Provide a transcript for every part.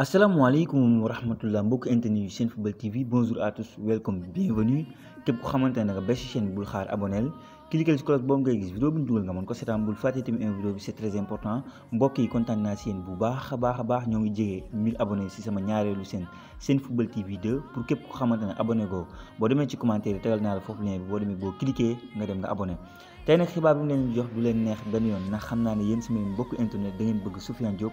asalaamaaleykum wa rahmatullah mbokk internet yu Senfootball TV bonjour à welcome bienvenue képp ku xamante ne nga ba si chaîne bul xaar aboneel cliquer ci cloche boobu ngay gis vidéo bi ñu dugal nga mën ko seetaan bul fàtte tamit un vidéo bi c'est très important mbokk yi kontaan naa si yéen bu baax a baax a baax ñoo ngi jege 1000 abonnés si sama ñaareelu seen seen Senfootball TV 2 pour képp ku xamante ne abonné goo boo demee ci commentaire bi boo demee boo cliquer nga dem nga abonné tey nag leen neex benn yoon ndax xam naa ne yéen sama mbokk da ngeen bëgg Sofiane Diop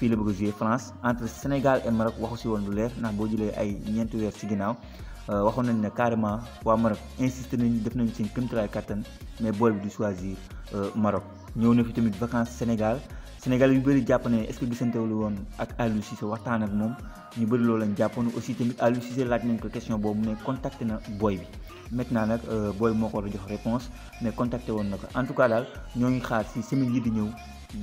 fii la bëgg a France entre Sénégal et Maroc waxu si woon lu leer ndax boo jëlee ay ñeenti weer ci ginnaaw euh, waxoon nañ ne carrément waa Maroc insisté nañ def nañ seen këmtalaay kattan mais bool bi du choisir euh, Maroc ñëw na fi tamit vacances Sénégal Sénégal yu bëri jàpp ne est ce que gisantewul woon ak Aliou Cissé waxtaan ak moom ñu bëri loolu lañ jàppoon aussi tamit Aliou Cissé laaj nañ ko question boobu ne contacté na boy bi maintenant nag euh, boy bi moo ko war jox réponse mais contacté woon na ko en tout cas daal ñoo ngi xaar si semaine yi di ñëw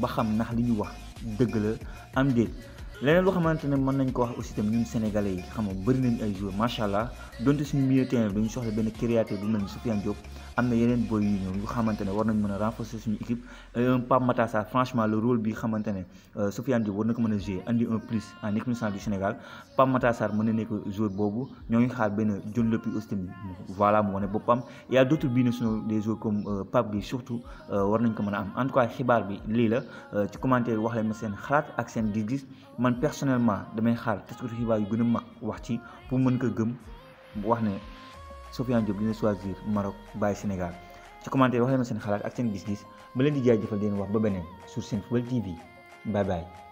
baxam ndax li ñu wax dëgg la am déet leneen loo xamante ne mën nañ ko wax aussi tam ñun sénégalais yi xam nga bëri nañ ay joueurs macha allah donte suñu milieu terrain bi dañu soxla benn créateur bu mel ni Sofiane Diop ne war nañ mën a renforcer suñu équipe un Pape Matar bi euh, war na ko en équipe nationale du boobu ñoo ngi xaar benn Dion Lopy euh, euh, nañ ko mën a am en tout cas xibaar bi lii la ci commentaire wax leen ma seen xalaat ak seen gis man personnellement damay xaar taskatu xibaar yu gën a mag wax ci pour mën ko gëm wax ne Sofiane Diop dina choisir Maroc bàyyi Sénégal ci commentaire wax leen ma seen xalaat ak seen gis-gis ba leen di jaajëfal di leen wax ba beneen sur Senfootball TV bye bye.